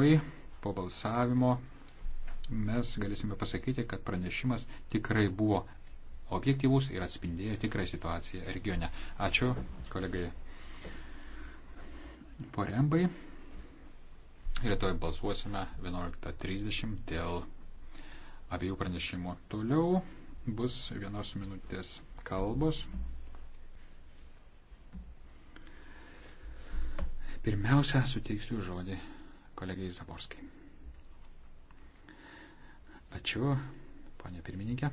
Rytoj po balsavimo mes galėsime pasakyti, kad pranešimas tikrai buvo objektyvus ir atspindėjo tikrą situaciją regione. Ačiū kolegai Porembai. Rytoj balsuosime 11.30 dėl abiejų pranešimų. Toliau bus vienos minutės kalbos. Pirmiausia, suteiksiu žodį kolegijai Zaborskai. Ačiū, ponė pirmininkė.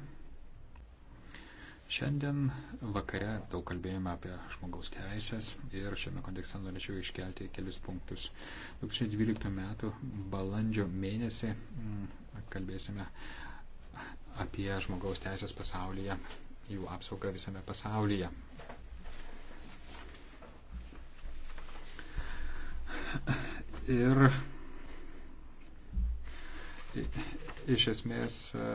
Šiandien vakare daug kalbėjome apie žmogaus teisės ir šiame kontekste norėčiau iškelti kelis punktus. 2012 m. balandžio mėnesį mm, kalbėsime apie žmogaus teisės pasaulyje, jų apsaugą visame pasaulyje. Ir Iš esmės e,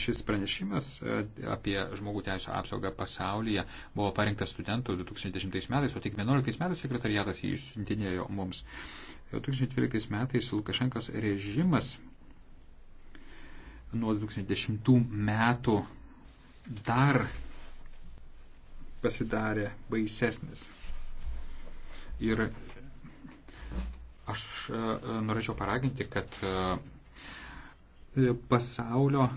šis pranešimas e, apie žmogų teisų apsaugą pasaulyje buvo parengtas studentų 2010 metais, o tik 2011 metais sekretariatas jį išsiuntinėjo mums. 2012 metais Lukašenkos režimas nuo 2010 metų dar pasidarė baisesnis. Ir Aš e, norėčiau paraginti, kad e, pasaulio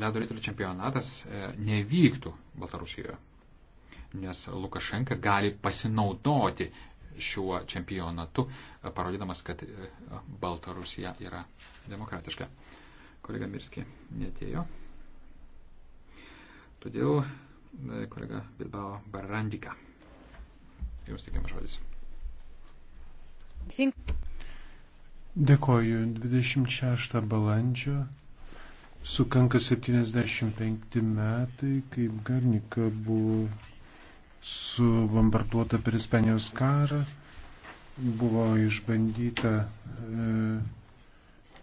ledo ritulio čempionatas e, nevyktų Baltarusijoje, nes Lukašenka gali pasinaudoti šiuo čempionatu, parodydamas, kad Baltarusija yra demokratiška. Kolega Mirski netėjo. Todėl kolega Bilbao Barandika. Jums tikiamas žodis. Think. Dėkoju. 26 balandžio sukanka 75 metai, kaip Garnika buvo subombarduota per Ispanijos karą, buvo išbandyta e,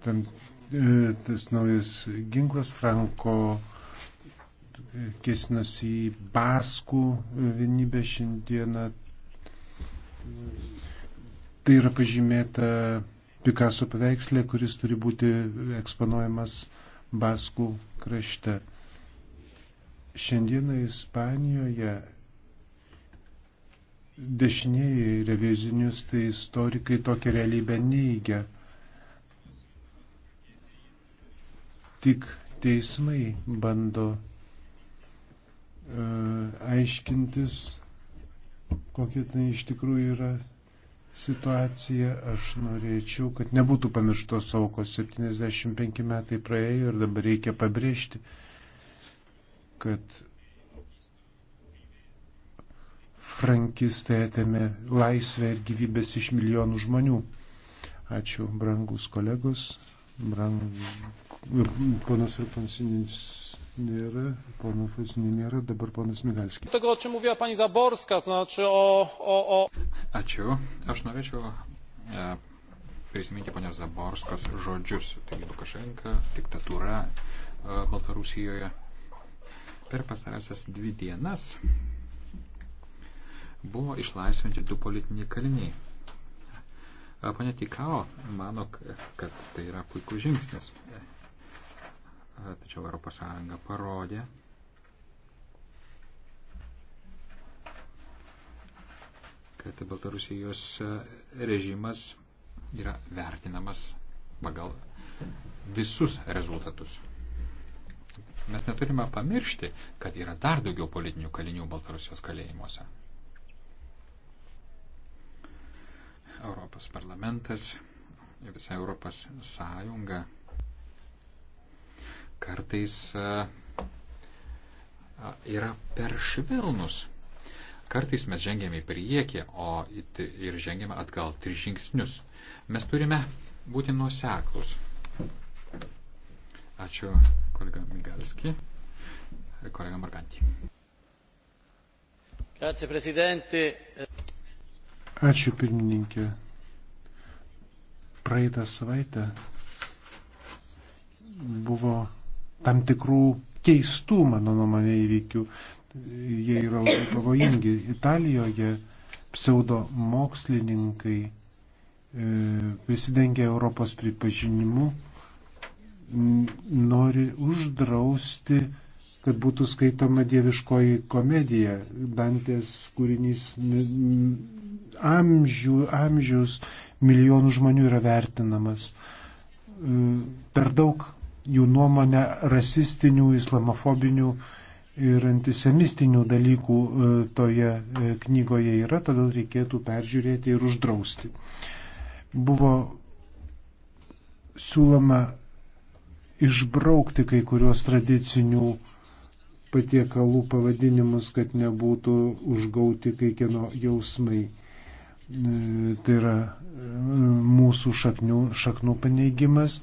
tam, e, tas naujas ginklas Franko e, kėsinosi į Baskų vienybę šiandieną. Tai yra pažymėta Picasso paveikslė, kuris turi būti eksponuojamas Baskų krašte. Šiandieną Ispanijoje dešinieji revizinius, tai istorikai tokią realybę neigia. Tik teismai bando uh, aiškintis, kokia tai iš tikrųjų yra situaciją. Aš norėčiau, kad nebūtų pamirštos aukos. 75 metai praėjo ir dabar reikia pabrėžti, kad frankistai atėmė laisvę ir gyvybės iš milijonų žmonių. Ačiū, brangus kolegos, brang... ponas ir pansinis nėra, pono Fazinį nėra, dabar ponas Migalskis. Tego, o czym mówiła pani Zaborska, znaczy o... o, o... Ačiū. Aš norėčiau e, prisiminti ponios Zaborskos žodžius. Taigi Lukašenka, diktatūra e, Baltarusijoje. Per pastarąsias dvi dienas buvo išlaisvinti du politiniai kaliniai. Pane Tikao mano, kad tai yra puikus žingsnis tačiau ES parodė, kad Baltarusijos režimas yra vertinamas pagal visus rezultatus. Mes neturime pamiršti, kad yra dar daugiau politinių kalinių Baltarusijos kalėjimuose. Europos parlamentas, visa Europos sąjunga kartais e, e, yra per švelnus. Kartais mes žengėme į priekį o, ir žengėme atgal tris žingsnius. Mes turime būti nuoseklus. Ačiū kolega Migalski, kolega Margantį. Grazie, prezidentė. Ačiū pirmininkė. Praeitą savaitę buvo tam tikrų keistų, mano nuomonė, įvykių. Jie yra labai pavojingi. Italijoje pseudo mokslininkai e, prisidengia Europos pripažinimu, nori uždrausti, kad būtų skaitoma dieviškoji komedija. Dantės kūrinys amžių, amžius milijonų žmonių yra vertinamas. E, per daug jų nuomonę rasistinių, islamofobinių ir antisemistinių dalykų e, toje e, knygoje yra, todėl reikėtų peržiūrėti ir uždrausti. Buvo siūloma išbraukti kai kuriuos tradicinių patiekalų pavadinimus, kad nebūtų užgauti kai kieno jausmai. E, tai yra mūsų šaknių, šaknų paneigimas,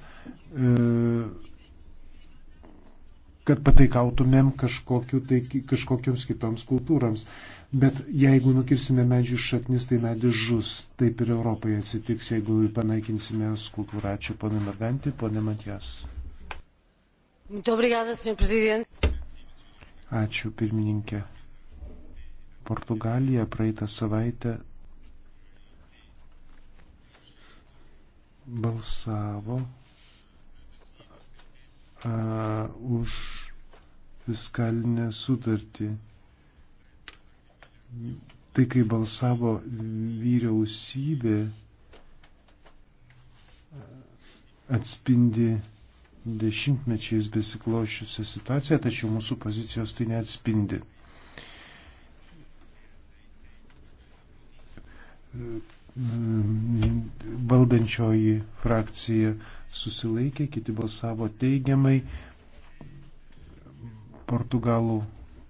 kad pataikautumėm tai, kažkokiams kitoms kultūrams. Bet jeigu nukirsime medžių šaknis, tai medis žus. Taip ir Europoje atsitiks, jeigu panaikinsime skultūrą. Ačiū, ponė Margantį, ponė Matijas. Ačiū, pirmininkė. Portugalija praeitą savaitę balsavo uh, už fiskalinę sutartį. Tai kai balsavo vyriausybė, atspindi dešimtmečiais besiklošiusią situaciją, tačiau mūsų pozicijos tai neatspindi. Valdančioji frakcija susilaikė, kiti balsavo teigiamai. Portugalų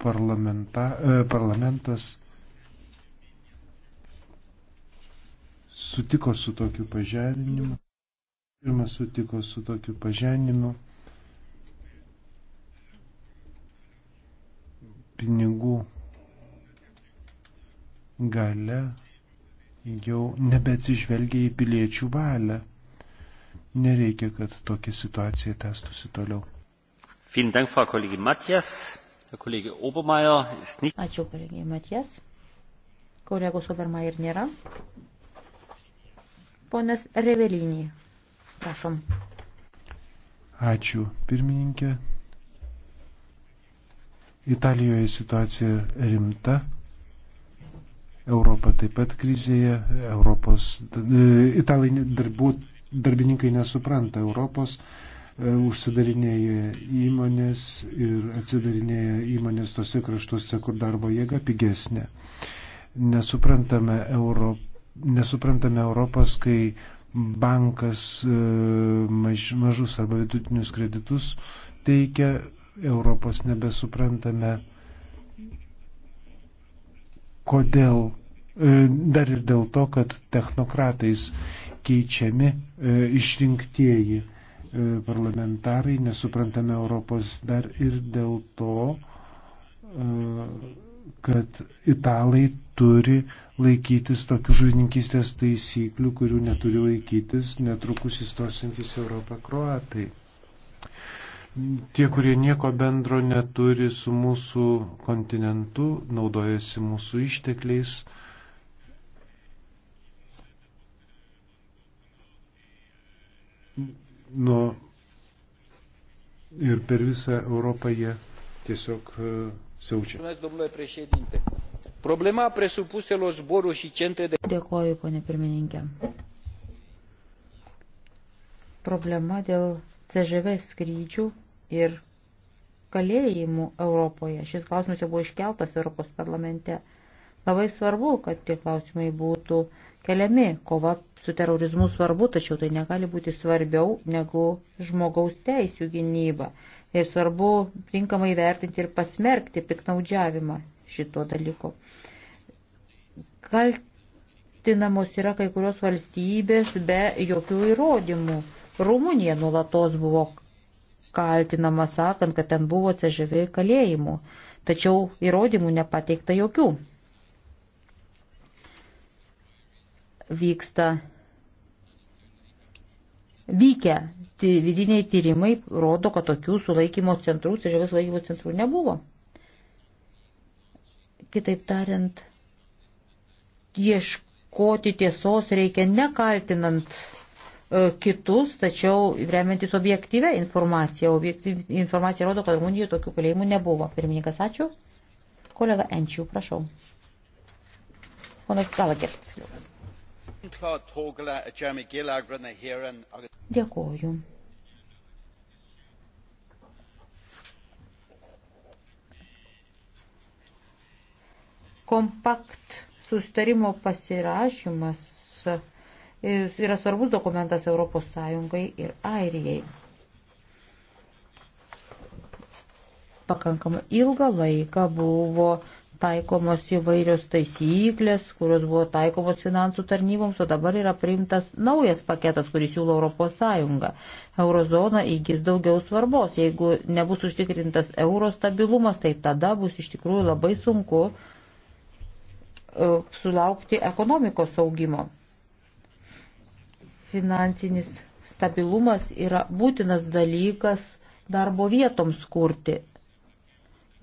parlamenta, e, parlamentas sutiko su tokiu pažeminimu. Pirmas sutiko su tokiu pažeminimu. Pinigų gale jau nebeatsižvelgia į piliečių valią. Nereikia, kad tokia situacija testusi toliau. Ačiū, kolegijai Matijas. Kolegos Obermajer nėra. Ponas Revelinį, prašom. Ačiū, pirmininkė. Italijoje situacija rimta. Europa taip pat krizėje. Europos, italai darbų, darbininkai nesupranta Europos. E, užsidarinėja įmonės ir atsidarinėja įmonės tose kraštuose, kur darbo jėga pigesnė. Nesuprantame, Euro, nesuprantame Europos, kai bankas e, maž, mažus arba vidutinius kreditus teikia, Europos nebesuprantame, kodėl. E, dar ir dėl to, kad technokratais keičiami e, išrinktieji. E, E, parlamentarai nesuprantame Europos dar ir dėl to, e, kad italai turi laikytis tokių žuvininkystės taisyklių, kurių neturi laikytis netrukus įstosintys Europą kroatai. Tie, kurie nieko bendro neturi su mūsų kontinentu, naudojasi mūsų ištekliais nuo ir per visą Europą jie tiesiog e, siaučia. Problema presupuselor zboruri și centre de. Dėkoju, ponė pirmininkė. Problema dėl CŽV skrydžių ir kalėjimų Europoje. Šis klausimas jau buvo iškeltas Europos parlamente. Labai svarbu, kad tie klausimai būtų keliami. Kova su terorizmu svarbu, tačiau tai negali būti svarbiau negu žmogaus teisų gynyba. Ir svarbu tinkamai vertinti ir pasmerkti piknaudžiavimą šito dalyko. Kaltinamos yra kai kurios valstybės be jokių įrodymų. Rumunija nulatos buvo kaltinama sakant, kad ten buvo CŽV kalėjimų, tačiau įrodymų nepateikta jokių. vyksta vykę vidiniai tyrimai, rodo, kad tokių sulaikymo centrų, CŽV sulaikymo centrų nebuvo. Kitaip tariant, ieškoti tiesos reikia nekaltinant e, kitus, tačiau remiantis objektyvę informaciją. Objektyvi informacija rodo, kad Rumunijoje tokių kalėjimų nebuvo. Pirmininkas, ačiū. Kolega Enčių, prašau. Ponas Galakės, tiksliau. Dėkoju. Kompakt sustarimo pasirašymas yra svarbus dokumentas Europos Sąjungai ir Airijai. Pakankamai ilgą laiką buvo uh, taikomos įvairios taisyklės, kurios buvo taikomos finansų tarnyboms, o dabar yra priimtas naujas paketas, kurį siūlo Europos Sąjunga. Eurozona įgis daugiau svarbos. Jeigu nebus užtikrintas euro stabilumas, tai tada bus iš tikrųjų labai sunku e, sulaukti ekonomikos augimo. Finansinis stabilumas yra būtinas dalykas darbo vietoms kurti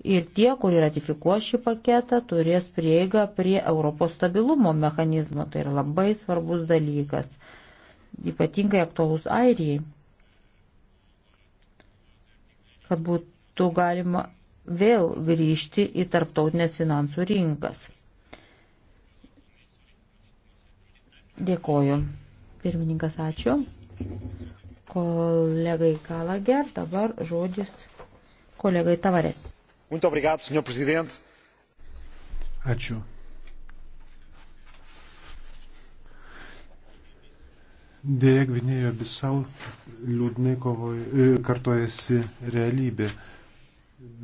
ir tie, kurie ratifikuos šį paketą, turės prieigą prie Europos stabilumo mechanizmo. Tai yra labai svarbus dalykas, ypatingai aktualus Airijai, kad būtų galima vėl grįžti į tarptautinės finansų rinkas. Dėkoju. Pirmininkas, ačiū. Kolegai Kalager, dabar žodis kolegai Tavarės. Obrigado, Ačiū. Dėja, Gvinėjo Bisau liūdnai kovoja, e, kartojasi realybė.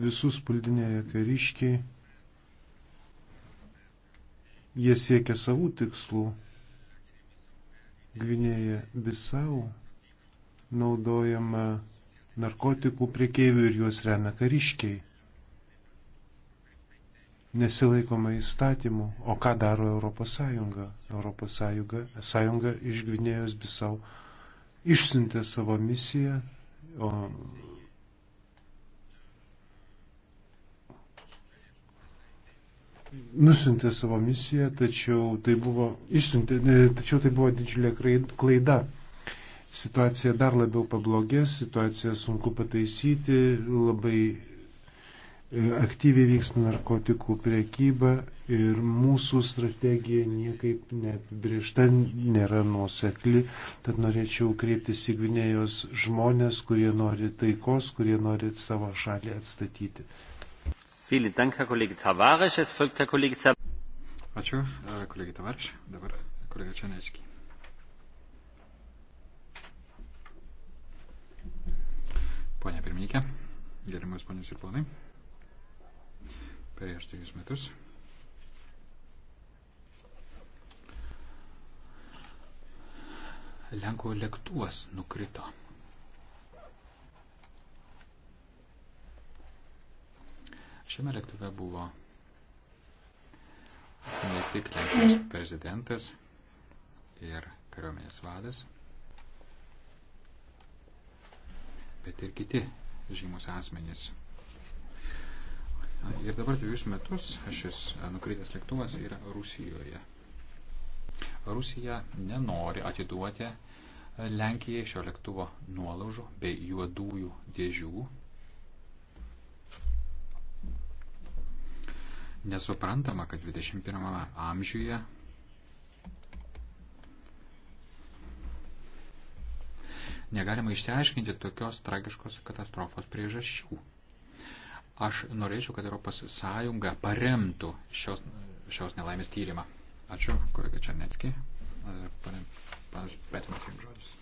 Visus puldinėje kariškiai. Jie siekia savų tikslų. Gvinėje Bisau naudojama narkotikų priekeivių ir juos remia kariškiai nesilaikoma įstatymų. O ką daro Europos Sąjunga? Europos Sąjunga, Sąjunga iš Gvinėjos Bisau išsiuntė savo misiją, o nusintė savo misiją, tačiau tai buvo, išsiuntė, tačiau tai buvo didžiulė klaida. Situacija dar labiau pablogės, situaciją sunku pataisyti, labai E, aktyviai vyks narkotikų priekyba ir mūsų strategija niekaip neapibriešta, nėra nuosekli. Tad norėčiau kreiptis į Gvinėjos žmonės, kurie nori taikos, kurie nori savo šalį atstatyti. Ačiū, e, kolegė Tavarš. Dabar kolega Čanečki. Pone pirmininkė, gerimus ponius ir ponai prieš trejus metus. Lenkų lėktuvas nukrito. Šiame lėktuve buvo ne tik Lenkijos prezidentas ir kariuomenės vadas, bet ir kiti žymus asmenys Ir dabar dviejus metus šis nukritęs lėktuvas yra Rusijoje. Rusija nenori atiduoti Lenkijai šio lėktuvo nuolaužų bei juodųjų dėžių. Nesuprantama, kad 21 amžiuje negalima išsiaiškinti tokios tragiškos katastrofos priežasčių. Aš norėčiau, kad ES paremtų šios, šios nelaimės tyrimą. Ačiū, kolega Černecki. Panas Petinas jums žodis.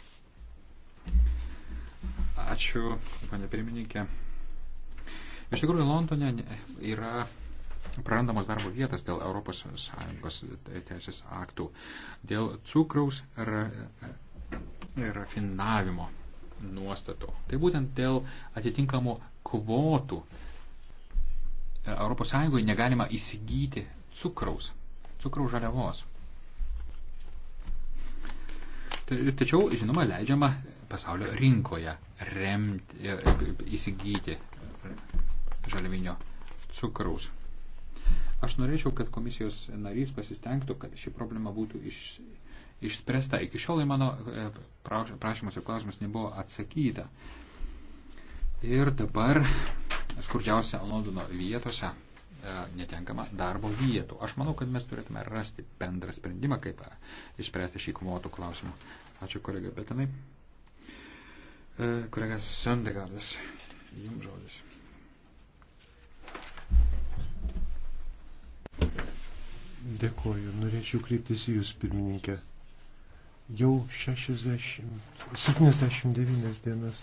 Ačiū, panė pirmininkė. Iš tikrųjų, Londone yra prarandamos darbo vietas dėl ES teisės aktų, dėl cukraus ra, e, rafinavimo nuostatų. Tai būtent dėl atitinkamų kvotų ES negalima įsigyti cukraus, cukraus žaliavos. Tačiau, žinoma, leidžiama pasaulio rinkoje remti, e, įsigyti žalvinio cukraus. Aš norėčiau, kad komisijos narys pasistengtų, kad ši problema būtų iš, išspręsta. Iki šiol į mano e, prašymus ir klausimus nebuvo atsakyta. Ir dabar skurdžiausia Londono vietose e, netenkama darbo vietų. Aš manau, kad mes turėtume rasti bendrą sprendimą, kaip e, išspręsti šį kvotų klausimą. Ačiū kolega Betanai. E, Kolegas Sandegardas, jums žodis. Dėkoju. Norėčiau kreiptis į Jūs, pirmininkė. Jau 60, 79 dienas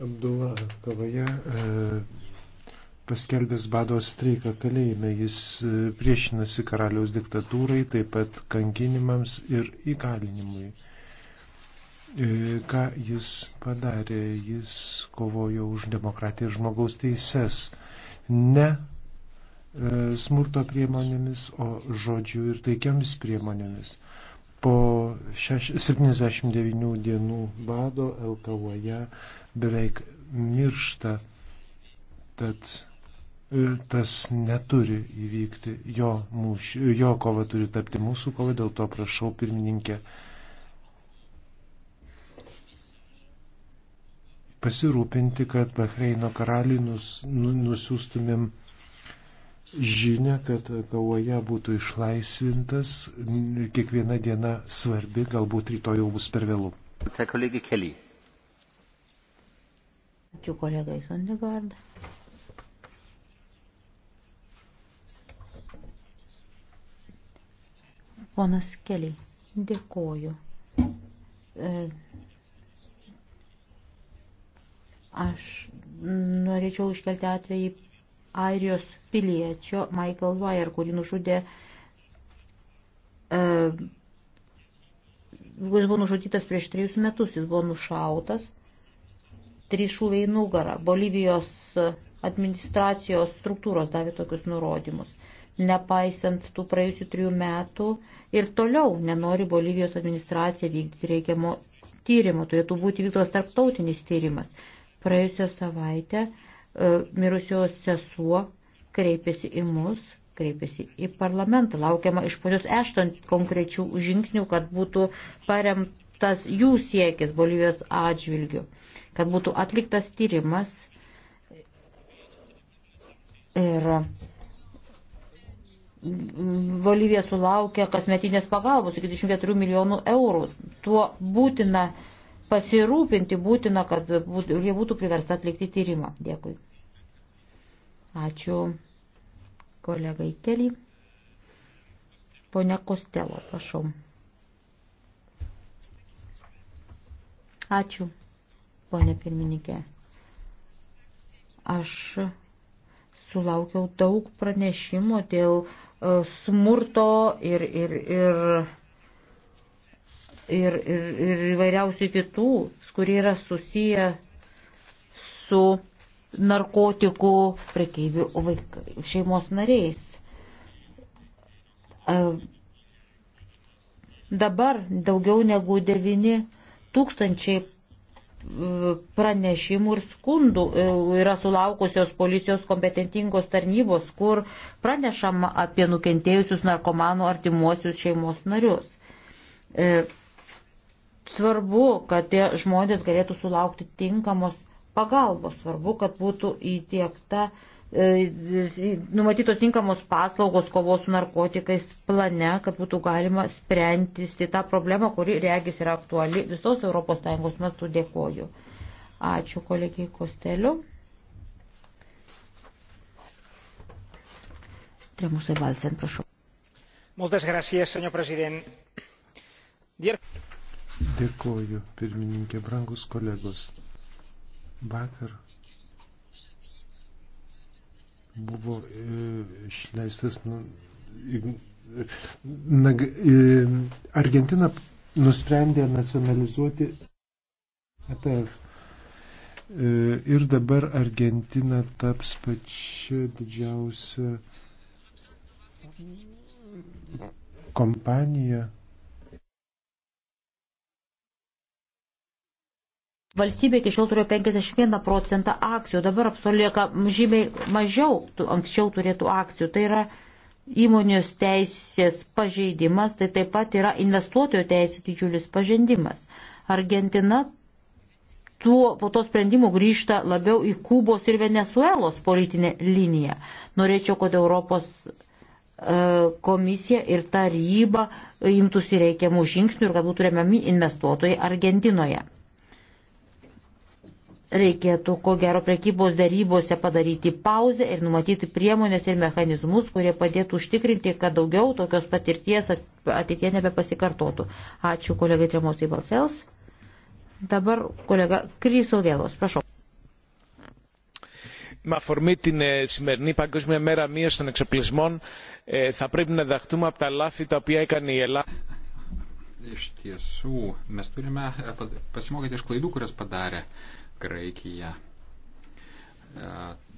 Abdullah Kavaja e, paskelbęs bado streiką kalėjime, jis e, priešinasi karaliaus diktatūrai, taip pat kankinimams ir įkalinimui. E, ką jis padarė? Jis kovojo už demokratiją ir žmogaus teises. Ne smurto priemonėmis, o žodžių ir taikiamis priemonėmis. Po 79 dienų bado LKOje beveik miršta, tad e, tas neturi įvykti, jo, mūš, jo kova turi tapti mūsų kova, dėl to prašau pirmininkė pasirūpinti, kad Bahreino karaliui nus, nu, nusiųstumėm žinę, kad Gauoje būtų išlaisvintas. Kiekviena diena svarbi, galbūt rytoj jau bus per vėlų. Ta kolegė Kelly. Ačiū kolegai Sondegard. Ponas Keliai, dėkoju. E, aš norėčiau iškelti atvejį airijos piliečio Michael Wire, kurį nužudė, uh, jis buvo nužudytas prieš trejus metus, jis buvo nušautas trys šūviai nugarą. Bolivijos administracijos struktūros davė tokius nurodymus. Nepaisant tų praėjusių trijų metų ir toliau nenori Bolivijos administracija vykdyti reikiamo tyrimo, turėtų būti vykdomas tarptautinis tyrimas. Praėjusią savaitę e, mirusios sesuo kreipėsi į mus, kreipėsi į parlamentą, laukiama iš ponios Ešton konkrečių žingsnių, kad būtų paremt tas jų siekis Bolivijos atžvilgių, kad būtų atliktas tyrimas ir Bolivija sulaukia kasmetinės pagalbos iki 24 milijonų eurų. Tuo būtina pasirūpinti, būtina, kad būtų, jie būtų priversta atlikti tyrimą. Dėkui. Ačiū kolegai Kelį. Pone Kostelo, prašom. Ačiū, ponė pirmininkė. Aš sulaukiau daug pranešimų dėl e, smurto ir, ir, ir, ir, ir, ir įvairiausių kitų, kurie yra susiję su narkotikų prekeivių šeimos nariais. E, dabar daugiau negu 9 Tūkstančiai pranešimų ir skundų e, yra sulaukusios policijos kompetentingos tarnybos, kur pranešama apie nukentėjusius narkomanų artimuosius šeimos narius. E, svarbu, kad tie žmonės galėtų sulaukti tinkamos pagalbos, svarbu, kad būtų įdėkta uh, E, e, numatytos tinkamos paslaugos kovos su narkotikais plane, kad būtų galima sprendti tą problemą, kuri regis yra aktuali visos ES metu. Dėkoju. Ačiū kolegijai Kosteliu. Tremusai Valsen, prašau. Moltes gracias, senor president. Dier... Dėkoju, pirmininkė, brangus kolegos. Vakar buvo e, išleistas. Nu, Argentina nusprendė nacionalizuoti ATF. E e, ir dabar Argentina taps pačia didžiausia kompanija Valstybė iki šiol turėjo 51 procentą akcijų, dabar apsolieka žymiai mažiau anksčiau turėtų akcijų. Tai yra įmonės teisės pažeidimas, tai taip pat yra investuotojų teisų didžiulis pažeidimas. Argentina tuo, po to sprendimų grįžta labiau į Kubos ir Venezuelos politinę liniją. Norėčiau, kad Europos e, komisija ir taryba imtųsi reikiamų žingsnių ir kad būtų remiami investuotojai Argentinoje reikėtų, ko gero, prekybos darybose padaryti pauzę ir numatyti priemonės ir mechanizmus, kurie padėtų užtikrinti, kad daugiau tokios patirties ateitie nebepasikartotų. Ačiū kolegai Tremosai Balsels. Dabar kolega Kryso Vėlos, prašau. Με αφορμή την ε, σημερινή Παγκόσμια Μέρα Μείωση των Εξοπλισμών, ε, θα πρέπει να διδαχτούμε από τα λάθη τα οποία έκανε η Ελλάδα iš tiesų mes turime pasimokyti iš klaidų, kurias padarė Graikiją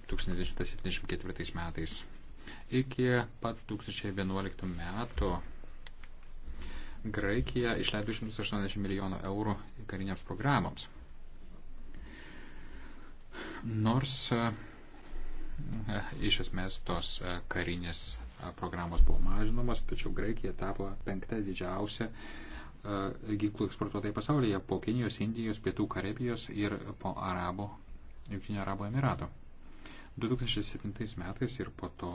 1974 e, metais. Iki pat 2011 metų Graikija išleido 180 milijonų eurų kariniams programams. Nors e, iš esmės tos e, karinės programos buvo mažinamos, tačiau Graikija tapo penkta didžiausia uh, E, ginklų eksportuotojai pasaulyje po Kinijos, Indijos, Pietų Karibijos ir po Arabo, Junktinio Arabo Emirato. 2007 metais ir po to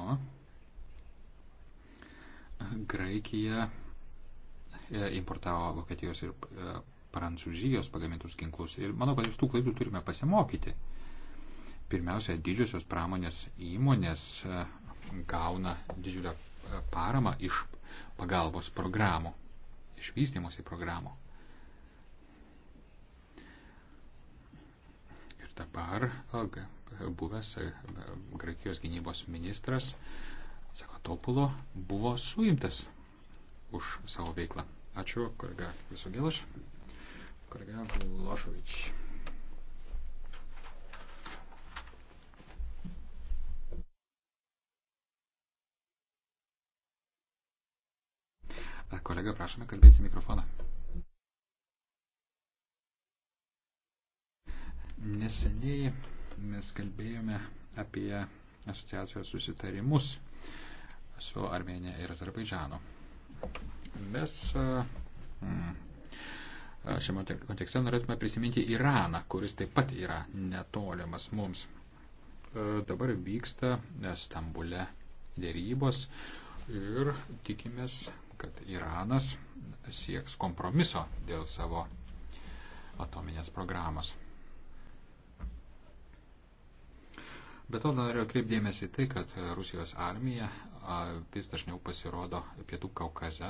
Graikija e, importavo Vokietijos ir e, Prancūzijos pagamintus ginklus. Ir manau, kad iš tų klaidų turime pasimokyti. Pirmiausia, didžiosios pramonės įmonės gauna didžiulę paramą iš pagalbos programų iš vystimosi programų. Ir dabar buvęs e, Graikijos gynybos ministras Sakatopulo buvo suimtas už savo veiklą. Ačiū, kolega Visogėlaš, kolega Lošovič. Kolega, prašome kalbėti mikrofoną. Neseniai mes kalbėjome apie asociacijos susitarimus su Armenija ir Azerbaidžanu. Mes mm, šiame kontekste norėtume prisiminti Iraną, kuris taip pat yra netolimas mums. Dabar vyksta Stambule dėrybos ir tikimės, kad Iranas sieks kompromiso dėl savo atominės programos. Bet to noriu atkreipdėmėsi tai, kad Rusijos armija vis dažniau pasirodo pietų Kaukaze.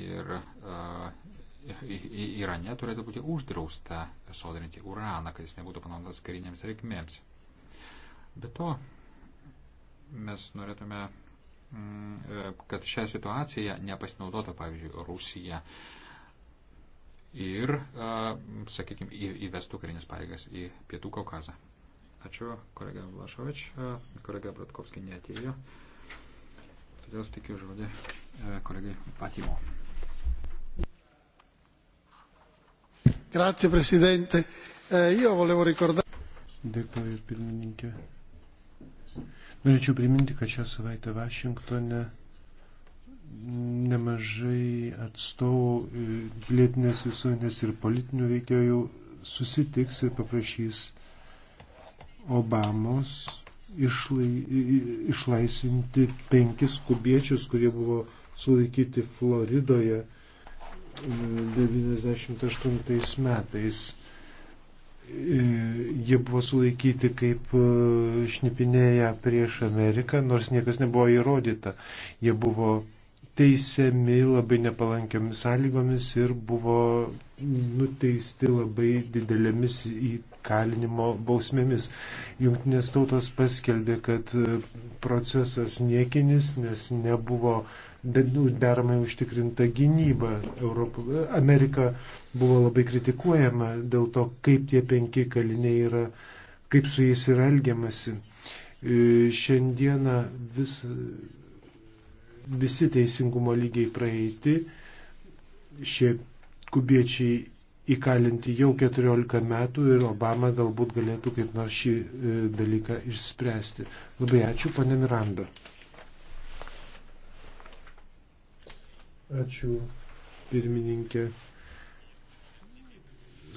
Ir Irane turėtų būti uždrausta sodrinti uraną, kad jis nebūtų panaudotas karinėms reikmėms. Be to, mes norėtume kad šią situaciją nepasinaudotų, pavyzdžiui, Rusija ir, sakykime, įvestų karinės pareigas į Pietų Kaukazą. Ačiū, kolega Vlašovič, kolega Bratkovskis neatėjo. Todėl sutikiu žodį kolegai Patimo. Grazie, Presidente. E, io volevo ricordare. Dėkoju, pirmininkė. Norėčiau priminti, kad šią savaitę Vašingtone nemažai atstovų e, pilietinės visuomenės ir politinių veikėjų susitiks ir paprašys Obamos išlai, išlaisvinti penkis kubiečius, kurie buvo sulaikyti Floridoje 98 e, metais. Jie buvo sulaikyti kaip e, šnipinėję prieš Ameriką, nors niekas nebuvo įrodyta. Jie buvo teisiami labai nepalankiomis sąlygomis ir buvo nuteisti labai didelėmis įkalinimo bausmėmis. Junktinės tautos paskelbė, kad e, procesas niekinis, nes nebuvo uh, Nu, deramai užtikrinta gynyba. Europa, Amerika buvo labai kritikuojama dėl to, kaip tie penki kaliniai yra, kaip su jais yra elgiamasi. E, šiandieną vis, visi teisingumo lygiai praeiti, šie kubiečiai įkalinti jau 14 metų ir Obama galbūt galėtų kaip nors šį e, dalyką išspręsti. Labai ačiū, pane Miranda. Ačiū, pirmininkė.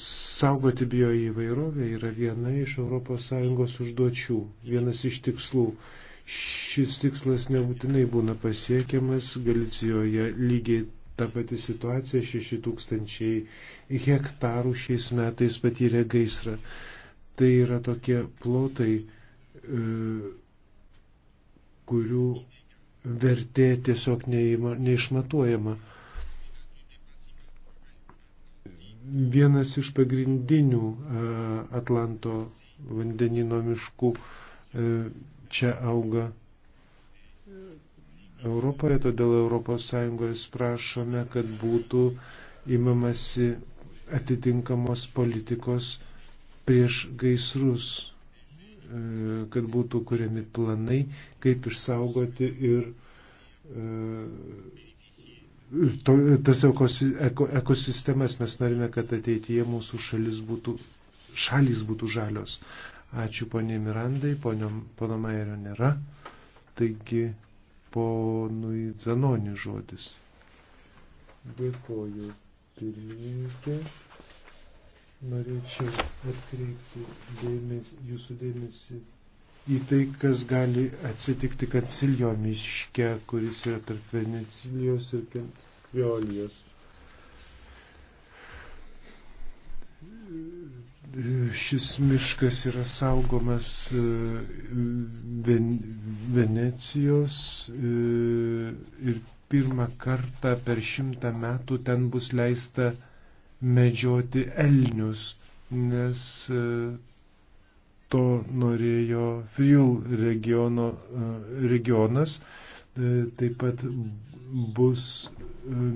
Saugoti bio įvairovę yra viena iš ES užduočių, vienas iš tikslų. Šis tikslas nebūtinai būna pasiekiamas. Galicijoje lygiai ta pati situacija - 6000 hektarų šiais metais patyrė gaisrą. Tai yra tokie plotai, e, kurių vertė tiesiog neįma, neišmatuojama. Vienas iš pagrindinių e, Atlanto vandenino miškų e, čia auga Europoje, todėl ES prašome, kad būtų imamasi atitinkamos politikos prieš gaisrus E, kad būtų kuriami planai, kaip išsaugoti ir e, to, tas ekosistemas. Mes norime, kad ateityje mūsų šalis būtų, šalis būtų žalios. Ačiū poniai Mirandai, pono Mairio nėra. Taigi ponui Zanoni žodis. Dėkoju pirmininkė norėčiau atkreipti dėmesį, jūsų dėmesį į tai, kas gali atsitikti Kancilio miške, kuris yra tarp Venecilijos ir Kempiolijos. Šis miškas yra saugomas e, Ven Venecijos e, ir pirmą kartą per šimtą metų ten bus leista medžioti elnius, nes e, to norėjo Friul regiono, e, regionas. E, taip pat bus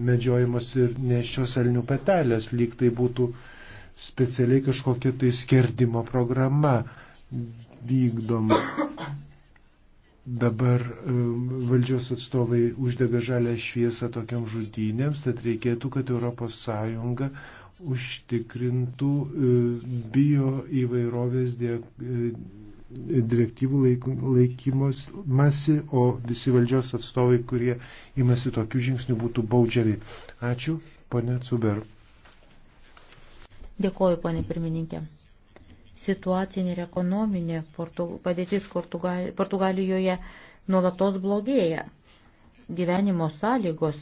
medžiojamos ir neščios elnių patelės, lyg tai būtų specialiai kažkokia tai skerdimo programa vykdoma dabar um, valdžios atstovai uždega žalę šviesą tokiam žudynėms, tad reikėtų, kad ES užtikrintų um, bio įvairovės um, direktyvų laikymasi, o visi valdžios atstovai, kurie imasi tokių žingsnių, būtų baudžiami. Ačiū, ponė Cuber. Dėkoju, ponė pirmininkė situacinė ir ekonominė padėtis Portugalijoje nuolatos blogėja. Gyvenimo sąlygos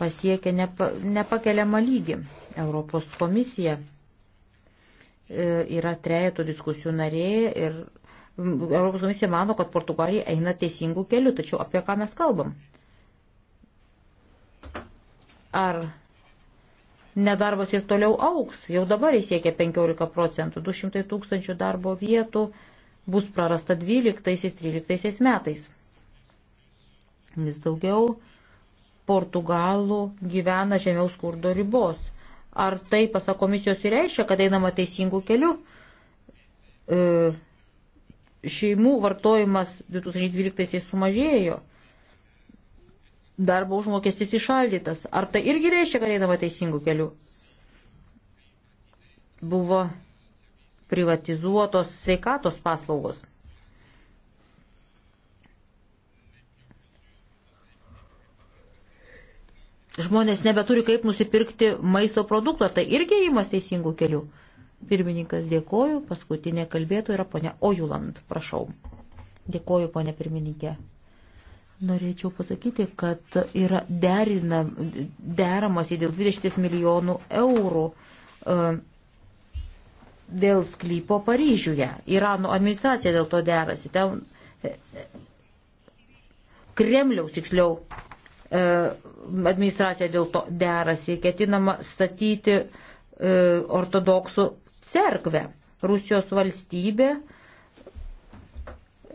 pasiekia nepa, nepakeliamą lygį. Europos komisija e, yra trejato diskusijų narė ir Europos komisija mano, kad Portugalija eina teisingų kelių, tačiau apie ką mes kalbam? Ar nedarbas ir toliau auks. Jau dabar jis siekia 15 procentų, 200 tūkstančių darbo vietų bus prarasta 12-13 metais. Vis daugiau portugalų gyvena žemiaus skurdo ribos. Ar tai, pasak komisijos, reiškia, kad einama teisingų kelių? E, šeimų vartojimas 2012 sumažėjo darbo užmokestis išaldytas. Ar tai irgi reiškia, kad eidama teisingų kelių? Buvo privatizuotos sveikatos paslaugos. Žmonės nebeturi kaip nusipirkti maisto produkto, tai irgi įmas teisingų kelių. Pirmininkas dėkoju, paskutinė kalbėtoja yra ponia Ojuland, prašau. Dėkoju, ponia pirmininkė. Norėčiau pasakyti, kad yra derina, deramasi dėl 20 milijonų eurų e, dėl sklypo Paryžiuje. Irano administracija dėl to derasi. Ten e, e, Kremliaus, tiksliau, administracija dėl to derasi. Ketinama statyti ortodoksų cerkvę. Rusijos valstybė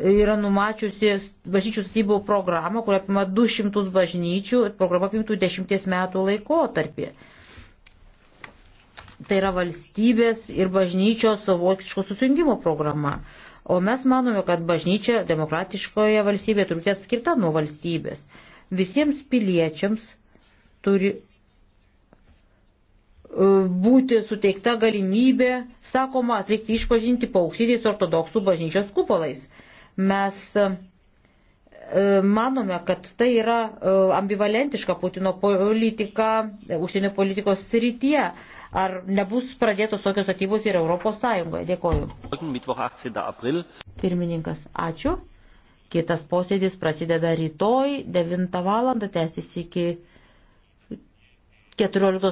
yra numačiusi bažnyčių statybų programą, kuria apima 200 bažnyčių, programa apimtų 10 metų laikotarpį. Tai yra valstybės ir bažnyčios savokiško susijungimo programa. O mes manome, kad bažnyčia demokratiškoje valstybėje turi būti atskirta nuo valstybės. Visiems piliečiams turi e, būti suteikta galimybė, sakoma, atlikti išpažinti pauksytis ortodoksų bažnyčios kupolais. Mes e, manome, kad tai yra e, ambivalentiška Putino politika e, užsienio politikos srityje. Ar nebus pradėtos tokios atybos ir Europos Sąjungoje? Dėkoju. Pirmininkas, ačiū. Kitas posėdis prasideda rytoj 9 val. tęsis iki 14.